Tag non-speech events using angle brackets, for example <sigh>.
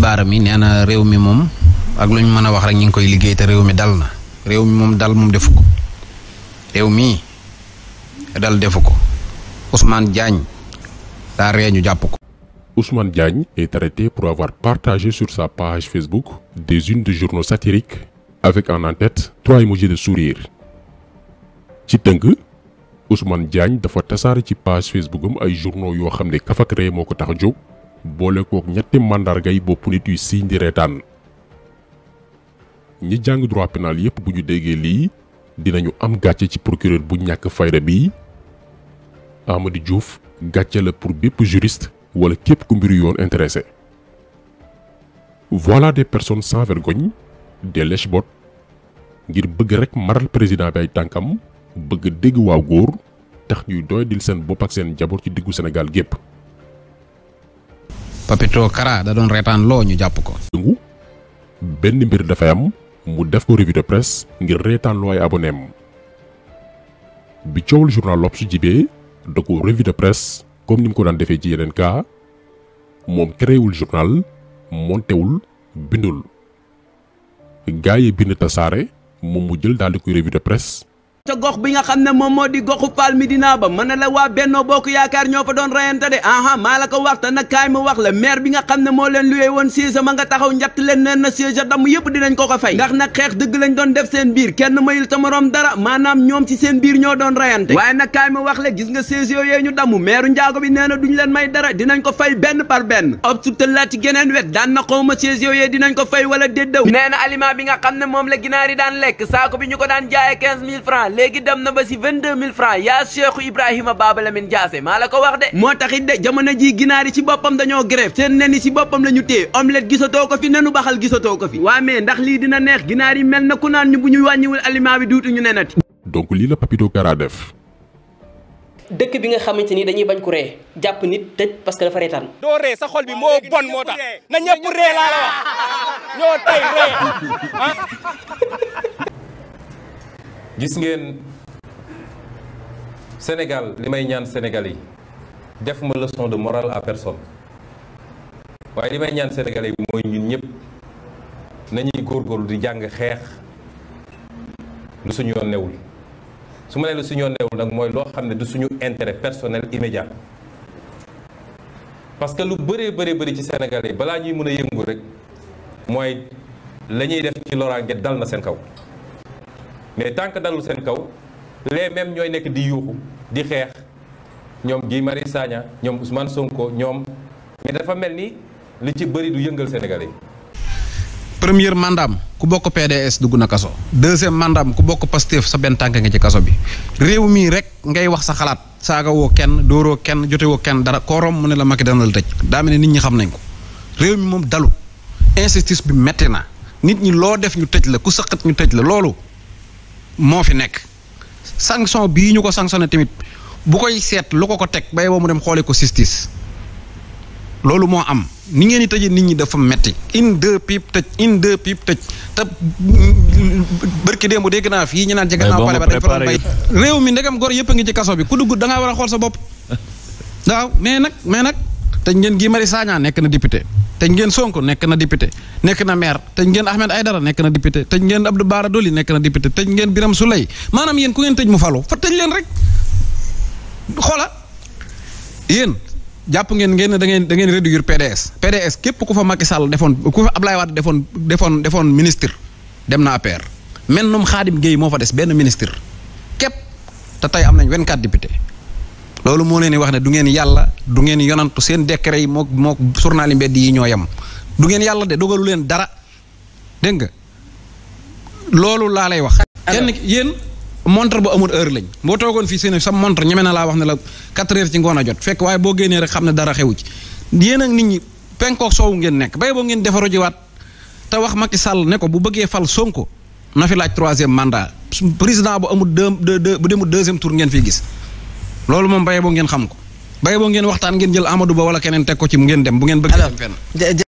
barami Baara nee na réew mi moom ak lu ñu mën a wax rek ñu ngi koy liggéey te réew mi dal na réew mi moom dal moom defu ko réew dal defu ko Ousmane Diagne daa ree ñu ko. Ousmane Diagne est arrêté pour avoir partagé sur sa page Facebook des unes de journaux satiriques avec en en-tête trois émojis de sourire ci tënk Ousmane Diagne dafa tasaare ci page Facebook am ay journaux yoo xam ne kafak ree moo ko tax a boole ko ñetti gay bop nit yu siiñ di reetaan ñi jang droit pénal yépp bu ñu déggee dinañu am gatché ci procureur bu ñak fayra bi amadou Diouf gatché la pour bép juriste wala képp ku mbir yoon intéressé voilà des personnes sans vergogne des lèche ngir bëgg rek maral président bay tankam bëgg dégg waaw goor tax ñuy doy dil sen bop ak sen jabor ci diggu Sénégal gépp Papito Kara da doon reetaan loo ñu jàpp ko. benn mbir dafay am mu def ko revue de presse ngir reetaan loo ay aboné bi coowul journal L'Obs jibee da ko de presse comme ni mu ko daan defee ci yeneen cas moom créewul journal montewul bindul gaa yi bind tasaare moom mu jël daal di koy de presse. ca gox bi nga xam ne moom moo di goxu Fall Médina ba mën na la waa Benno Bokk Yaakaar ñoo fa doon reyante de aha maa wax te nag kaay ma wax la bi nga xam ne moo leen luyee woon siège nga taxaw njatt leen neen na yëpp dinañ ko fay ndax nag xeex dëgg lañ doon def seen biir kenn mayul ta moroom dara maanaam ñoom ci seen biir ñoo doon reyante waaye na kaay ma wax le gis nga siège yooyu ñu damm maire njaago bi nee na duñ leen may dara dinañ ko fay benn par benn obsutal la geneen wet daan na xawma siège yooyu dinañ ko fay wala déddaw nee na aliment bi nga xam ne moom la ginaar yi daan lekk saako bi ñu ko daan jaaye quinze francs léegi dem na ba si vingt-deux mille francs yaa Cheikhu Ibrahima Baba Lamine Diassé maa la ko wax de moo taxit de jamono ji ginaar yi si boppam dañoo grève seen nen yi si boppam la ñu téye omelette gisatoo ko fi nenu baxal gisatoo ko fi waa mais ndax lii dina neex ginaar yi mel na ku naan ñu bu ñu wàññiwul aliment bi duutu ñu nenati donc lii la Papito Kara def dëkk bi nga xamante ni dañuy bañ ku ree jàpp nit tëj parce que dafa reetaan doo ree sa xol bi moo bon moo tax na ñëpp ree laa <laughs> gis ngeen Sénégal li may ñaan Sénégalais yi def ma leçon de morale à personne waaye li may ñaan Sénégalais yi mooy ñun ñëpp nañuy góorgóorlu di jàng xeex lu suñu yoon newul su ma nee lu suñu yoon newul nag mooy loo xam ne du suñu intérêt personnel immédiat parce que lu bëree bëri bëri ci Sénégalais yi balaa ñuy mën a yëngu rek mooy la ñuy def ci loraange dal na seen kaw. mais tant que dalul sen kaw les mêmes ñoy nek di yuxu di xex ñom gi mari Sagna ñom Ousmane Sonko ñom mais dafa melni ni li ci bëri du yëngal Sénégalais premier mandam, ku bokk PDS duguna na kaso. deuxième mandam ku bokk Pastef sa ben tank nga ci kaso bi rew mi rek ngay wax sa xalat saga wo ken, doro ken jote wo ken dara korom mu ne la Macky danal tej da mel ni nit ñi xam nañ ko rew mi mom dalu injustice bi metti na nit ñi lo def ñu tej la ku saxat ñu tej la mo fi nek sanction bi ñu ko sanctioné timit bu koy sét lu ko ko tek bay boo mu dem xolé ko justice lolu mo am ni ngeen ni tëjee nit ñi dafa metti in deux pipe tëj in deux pipe tëj te barki dembu deg na fi ñu naan ci gannaaw pale ba dañ fa bay rew mi ndegam gor yëpp nga ci kasso bi ku dugg da nga wara a sa bop <laughs> waaw mais nak mais nak te ngeen gi mari Saña nek na député te ngeen Sonko nek na député nek na maire te ngeen Ahmed Aydara nek na député te ngeen Abdou Bara doli nek na député te ngeen Biram soulay manam yeen ku ngeen tej mu falu fa tej len rek xola yeen japp ngeen ngeen da ngeen da ngeen réduire PDS PDS kep ku fa Macky Sall defon ku fa Ablaye Wade defon defon defon ministre dem na APR mel num Khadim Gueye mo fa dess ben ministre kep ta tay am nañ 24 député Lalu mo leni wax ne du ngeen yalla du ngeen yonantu seen décret mok mok journal mbedd yi ñoo du ngeen yalla de dogalu len dara denga nga lalai la lay wax kenn yeen montre bu amul heure lañ bo togon fi seen sa montre ñame na la wax ne la 4h ci ngona jot fek way bo génnee rek xamne dara xewu ci yeen ak nit ñi penkook soowu ngeen nek bay bo ngeen defaru wat ta wax Macky Sall ne ko bu bëggee fal Sonko na fi laaj troisième mandat président bu amul deux bu demul deuxième tour ngeen fi gis loolu moom baye boo ngeen xam ko baye boo ngeen waxtaan ngeen jël Amadou Ba wala keneen teg ko ci ngeen dem bu ngeen bëgg dem fenn